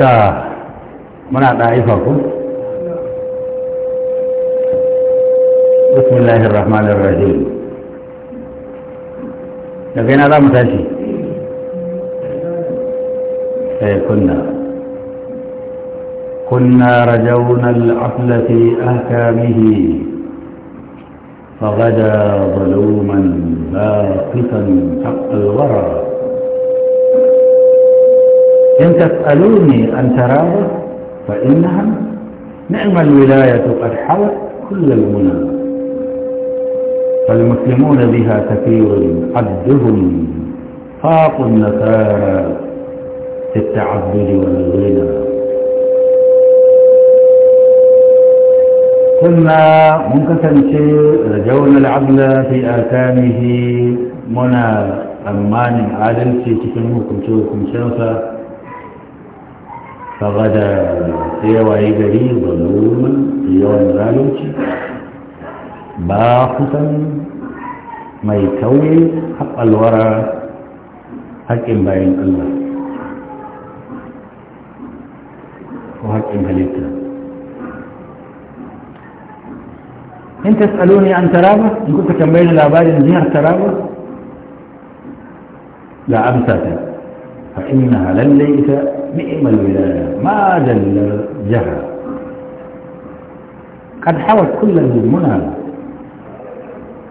منع ضعيفكم بسم الله الرحمن الرحيم نبينا لا متاشي اي كنا كنا رجونا العقل في احكامه فغدا ظلوما باقيا حق الورى إن تسألوني عن ترابة فإنها نعم الولاية قد حوت كل المنى فالمسلمون بها كثير عبدهم فاق النصارى في التعبد والغنى كنا ممكن شيء رجونا العدل في آثامه منى أمان عادل في تكلمكم شوكم شوكم فغدا ايوا ايدري ظلوما يوم لا نمشي ما يكوي حق الورى حق باين الله وحق مليكة ان تسألوني عن ترابة ان كنت كم بين الابار انزيها ترابة لا امسك فانها لن نعم الولاية ما دل جهة قد حوت كل المنى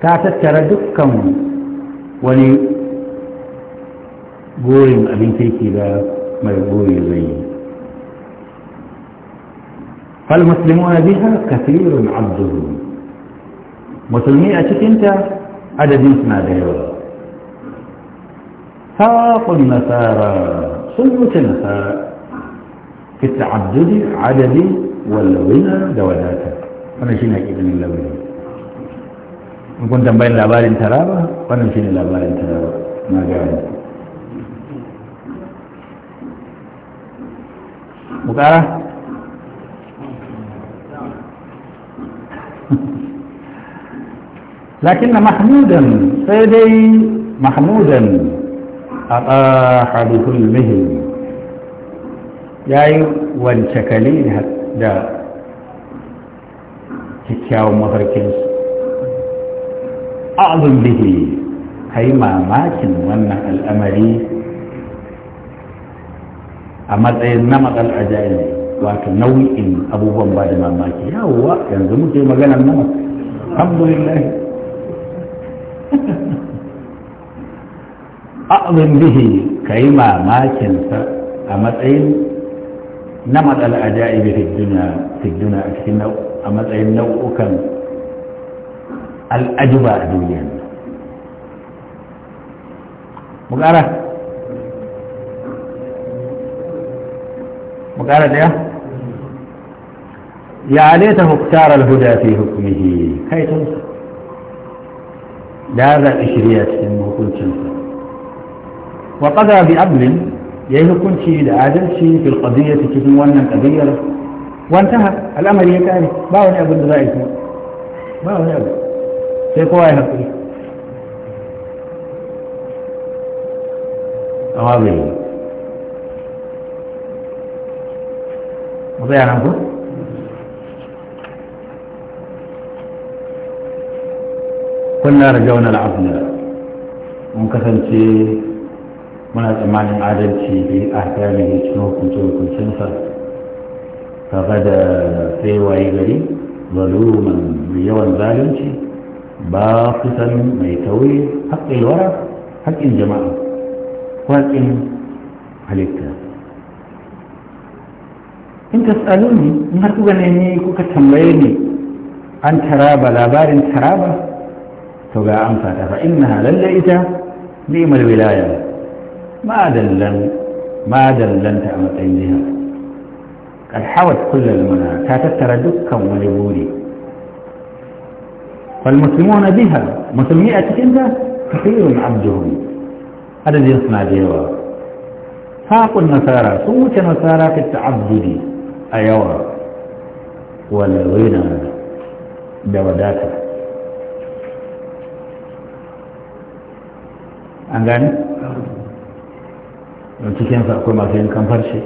تاتتر تردكم ولي قول أبن تيكي لا ما يقول زيه فالمسلمون بها كثير عبده مسلمي أشك أنت عدد ما ديرا فاق النصارى صيوتنا في التعدد عدد والغنى دولاتا فانا شنا كيبن اللوين ان كنت بين لابال ترابا فانا شنا لابال ترابا ما جاوز مقارا لكن محمودا سيدي محمودا أطاح ya yayi wancakali ne da kyakkyawan mafarkinsu azun bihi ka yi mamakin wannan al'amari a matsayin na matsal ajayi wato nau'in abubuwan ba da mamaki Yawuwa yanzu muke maganar nan alhamdulillah أعظم به كيما ما ماكن أمتعين نمت الأجائب في الدنيا في الدنيا أمتعين نوء كان الأجباء دوليا مقارة مقارة يا يا ليته اختار الهدى في حكمه كيف تنسى لا ذا اشريته وقضى بأمر يعني يهكن شيء لعادل شيء في القضية تكون وانا قضية وانتهى الأمر يتعرف باون أبو الدرائك باون أبو سيقوى هكري أواضي وضيع نقول كنا رجونا العظم mun شيء muna tsammanin adalci bi a kyale ne cikin hukuncin hukuncinsa kaga da sai waye gari zaluman mai yawan zalunci ba kusan mai tauye haƙƙin wara haƙƙin jama'a haƙƙin halitta in ka tsalo ne in har kuka nemi kuka tambaye ne an taraba labarin taraba to ga amsa ta fa inna lallai ita ni'mal wilaya ماذا لن ماذا لن تعمل بها قد حاولت كل المنى ترى دكا ولبوري فالمسلمون بها مسلمية كنت كثير عبدهم هذا يصنع ديوا فاق النصارى صوت نصارى في التعبد أيوا ولوين دوداتا أنغاني don cikinsa akwai masu yankan farshe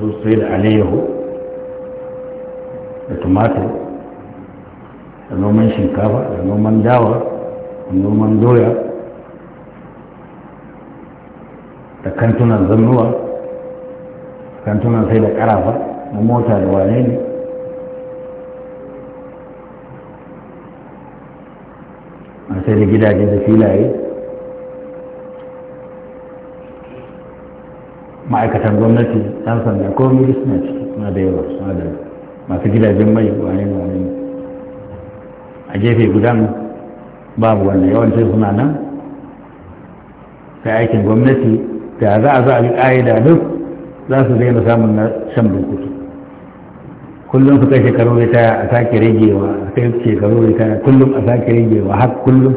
su sai da alayyahu da tumatir da noman shinkafa da noman dawa da noman doya da kantunan zannuwa kantunan sai da karafa na mota da wane ne sai da gidaje da filaye ma'aikatan gwamnati ɗan sanda ko mili suna ciki suna da yawa suna da masu gidajen mai wani wani a gefe gudan babu wanda yawancin suna nan sai aikin gwamnati da za a za a bi ƙa'ida duk za su daina samun na shan bukutu kullum su kai shekaru da ta a sake ragewa a kai shekaru da ta kullum a sake ragewa har kullum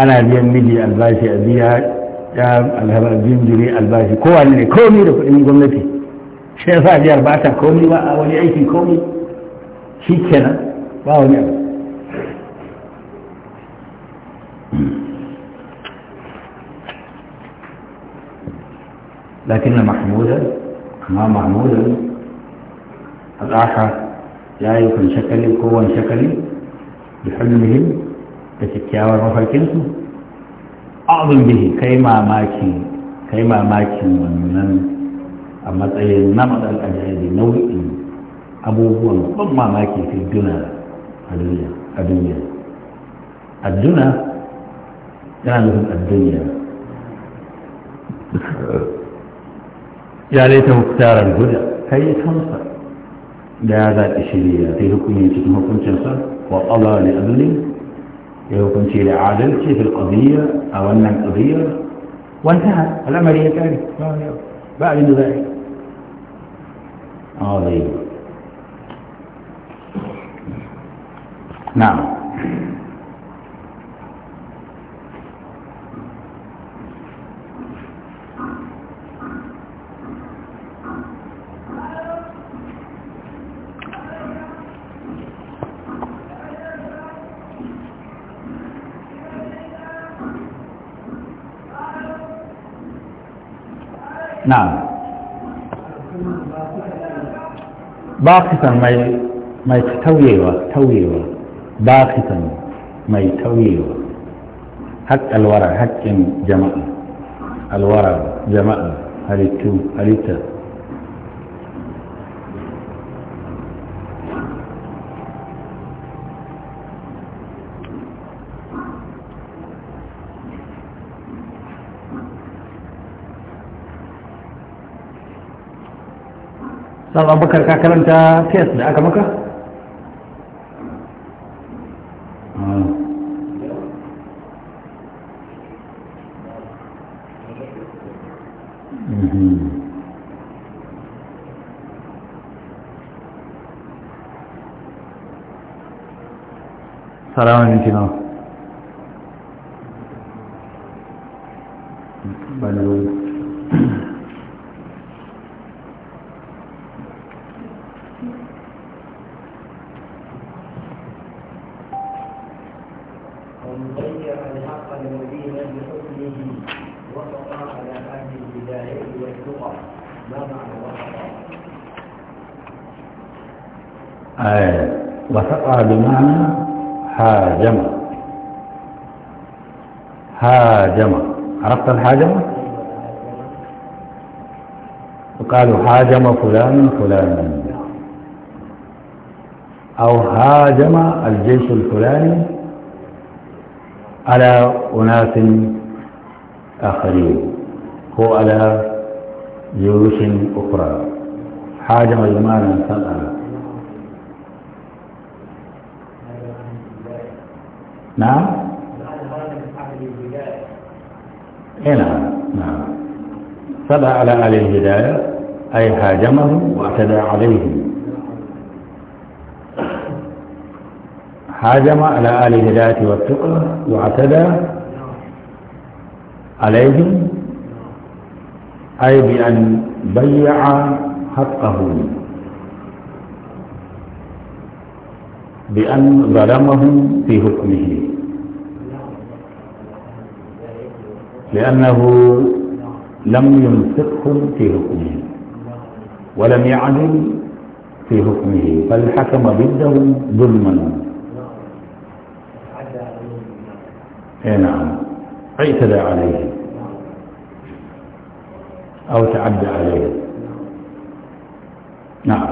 ana biyan miji albashi a biya jam alhabar jinjiri albashi kowane ne komi da kudin gwamnati shi ya sa jihar ba ta komi ba a wani aiki komi shi kenan ba wani abu لكن محمودا ما محمودا الآخر لا يكون شكلي قوة شكلي بحلمهم بتكياور مفاكينهم azum bihi kai mamaki kai mamakin wannan a matsayin na matsal ajayi nau'in abubuwan ban mamaki fi duna a duniya a duna yana nufin a duniya ya laita hukutarar guda kai kansa da ya zaɓi shirya sai hukumin cikin hukuncinsa wa ƙwallo ne a duniya لو كنت لعادلتي في القضية أو أن القضية وانتهى العملية تاني بعد ذلك عظيم آه، طيب. نعم نعم باقتا ما يتويوا تويوا باقتا ما يتويوا حق الورع حق جمع الورع جمع هل التو هل التو zan abubakar ka karanta fes da aka maka? salamun minti nawa بمعنى هاجم هاجم عرفت الحاجمة وقالوا هاجم فلان فلانا أو هاجم الجيش الفلاني على أناس آخرين هو على جيوش أخرى هاجم بمعنى سأل نعم إيه، نعم نعم سبع على أهل الهداية أي هاجمهم واعتدى عليهم هاجم على أهل الهداية والتقى واعتدى عليهم أي بأن بيع حقه بأن ظلمهم في حكمه لأنه لم ينفقهم في حكمه ولم يعدل في حكمه بل حكم ضدهم ظلما اي نعم اعتدى عليه او تعدى عليه نعم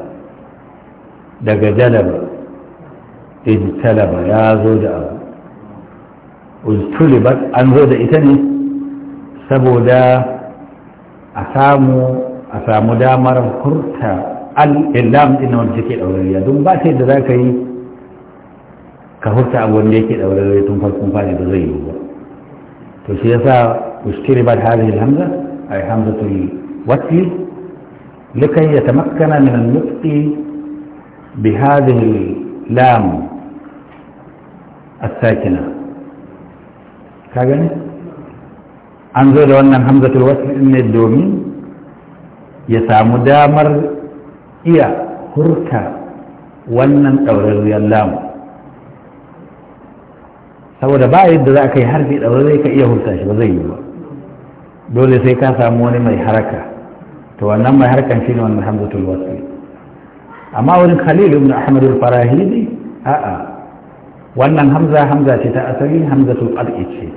daga jalaba ijtalaba ya zo da abu ujtulibat an zo da ita ne saboda a samu a samu damar hurta al-illam din wanda take daurariya don ba sai da za ka yi ka hurta abu wanda yake daurariya tun farkon fari da zai yi ba to shi yasa ujtulibat hadhihi al-hamza ay hamzatul wasl لكي يتمكن من النطق بهذه اللام الساكنة كاغني أنظر لأن همزة الوصل إن الدومين يسام دامر إيا هركا wannan ɗaurarriyar lamu saboda ba yadda za ka yi harfi ɗaurarri ka iya hulsa shi ba zai yi ba dole sai ka samu wani mai haraka to wannan mai harkan shi ne wannan hamzatul wasli amma wurin khalil ibn ahmad al-farahidi a'a wannan hamza hamza ce ta asali hamzatul qad'i ce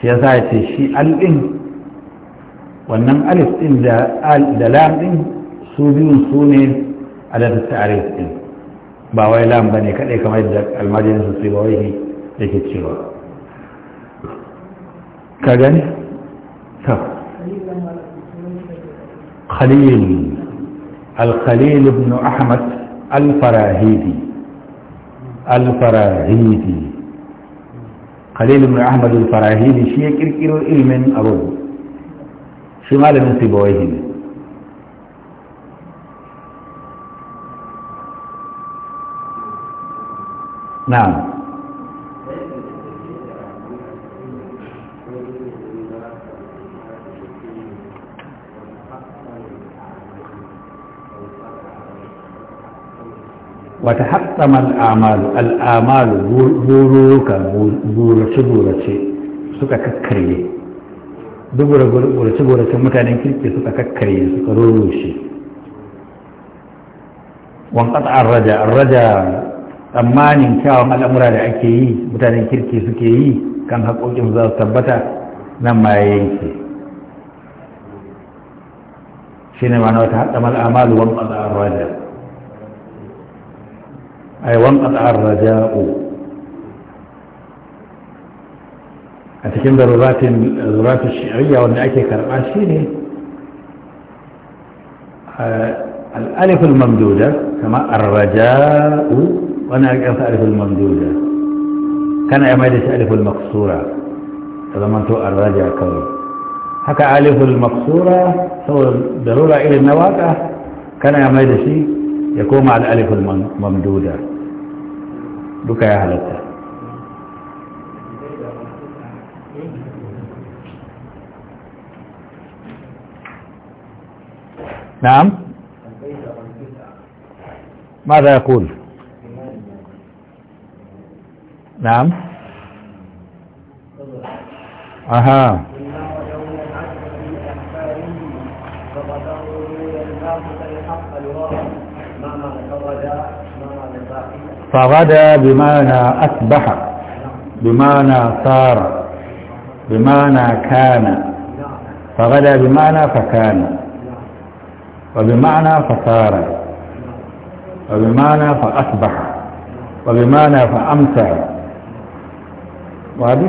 shi ya ce shi al din wannan alif din da al da lam din su biyun su ne adatut ta'rif din ba wai lam bane kadai kamar da almajirin su sai wai yake cewa ka gani ta khalil الخليل بن أحمد الفراهيدي الفراهيدي خليل بن أحمد الفراهيدي شيء كركر علم أبو شمال من سبويه نعم wata haɗama al'amalu al'amalu buruka burace-burace suka kakkarye dubura burace-burace mutanen kirki suka kakkarye suka rurushe wankat an raja an raja tsammanin kyawun al'amura da ake yi mutanen kirki suke yi kan haƙoƙin za su tabbata nan ma ya yanke shi ne ma'ana wata haɗama al'amalu wani an raja أي وانقطع الرجاء أتكلم بالرات الرات الشعرية وأن أكي كرماشيني آه، الألف الممدودة كما الرجاء وأنا أقف ألف الممدودة كان عمادة ألف المقصورة إذا ما أنتو الرجاء كوي حكى ألف المقصورة سوى ضرورة إلى النواقع كان عمادة يكون مع الألف الممدودة duka ya halatta نعم ماذا يقول نعم أها فغدا بمعنى أصبح بمعنى صار بمعنى كان فغدا بمعنى فكان وبمعنى فصار وبمعنى فأصبح وبمعنى فأمسى واضح؟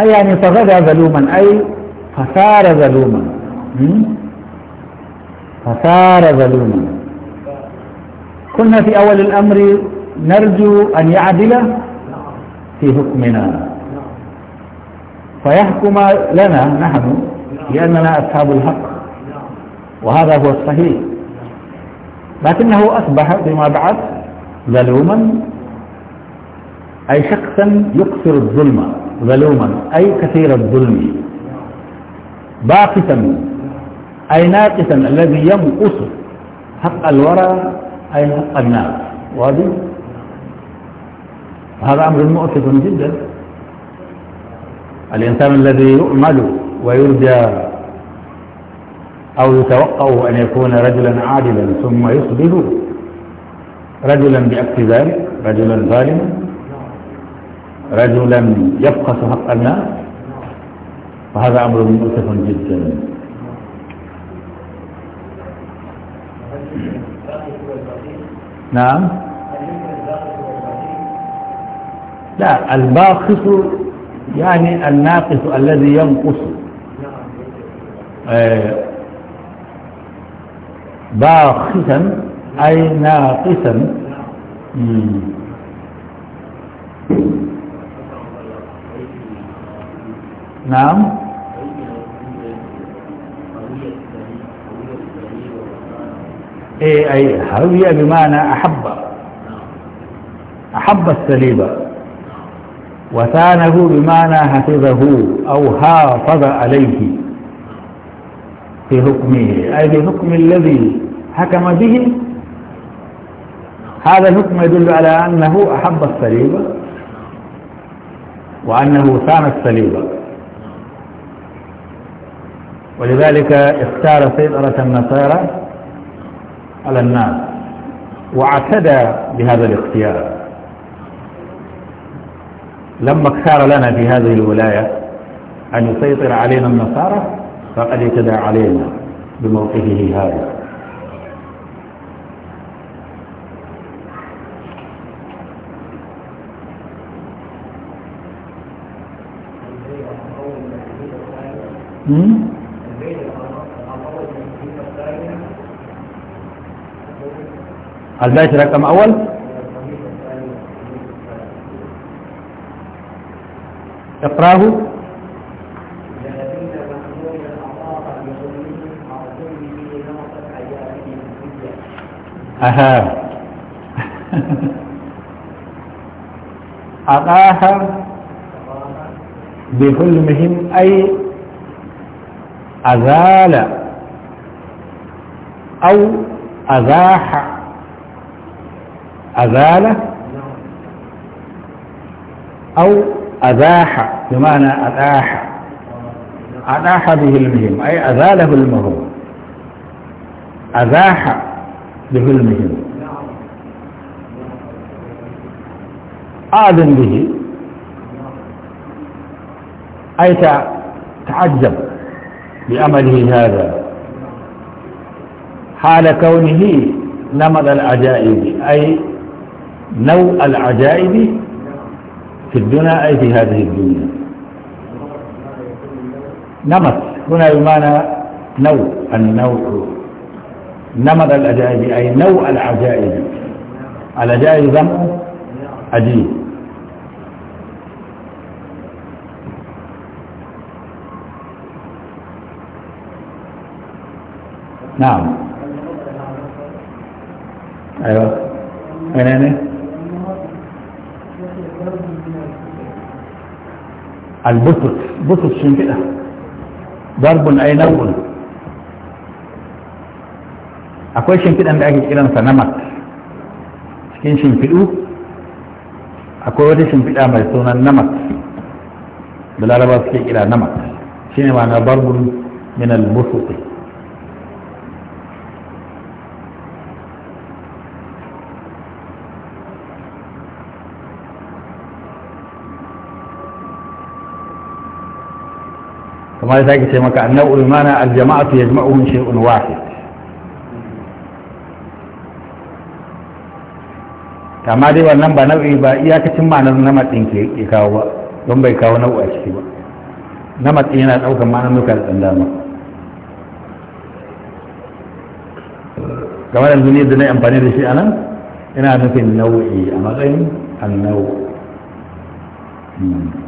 أي يعني فغدا ظلوما أي فصار ظلوما فصار ظلوما كنا في أول الأمر نرجو أن يعدل في حكمنا فيحكم لنا نحن لأننا أصحاب الحق وهذا هو الصحيح لكنه أصبح فيما بعد ظلوما أي شخصا يكثر الظلم ظلوما أي كثير الظلم باقتا أي ناقصا الذي ينقص حق الورى أي حق الناس واضح هذا أمر مؤسف جدا الإنسان الذي يؤمل ويرجى أو يتوقع أن يكون رجلا عادلا ثم يصبح رجلا بأكس رجلا ظالما رجلا يفقس حق الناس وهذا أمر مؤسف جدا نعم لا الباخص يعني الناقص الذي ينقص آه، باخسا أي ناقصا نعم ايه اي هوية بمعنى احب احب السليب وثانه بمعنى حفظه او حافظ عليه في حكمه اي في حكم الذي حكم به هذا الحكم يدل على انه احب السليب وانه ثان السليب ولذلك اختار سيطرة النصارى على الناس واعتدى بهذا الاختيار لما اختار لنا في هذه الولاية أن يسيطر علينا النصارى فقد اعتدى علينا بموقفه هذا Mm-hmm. البيت رقم أول اقراه أها أقاها بحلمهم أي أزال أو أزاح أذال أو أذاح بمعنى أذاح أذاح به المهم أي أزاله المهم أذاح به المهم آذن به أي تعجب بأمله هذا حال كونه نمض العجائب أي نوع العجائب في الدنيا أي في هذه الدنيا نمت هنا يمانى نوع النوع نمت العجائب أي نوع العجائب العجائب ذنب عجيب نعم ايوه هنا البطر بطر شين كده ضرب اي نول اكو شين كده عندك كلام سنمك شين شين فيدو اكو ودي شين فيدا ما يسون النمك بلا ربا سكي الى نمك شين وانا ضرب من البطر kuma da sake ce maka annabu imana aljama'atu yajma'uhum shay'un wahid amma dai wannan ba nau'i ba iyakacin ma'anar nama ɗin ke kawo ba don bai kawo nau'i a ciki ba nama ɗin yana ɗaukar ma'anar nuka da ɗan dama kama yanzu ne da na amfani da shi a nan ina nufin nau'i a matsayin annau hmm.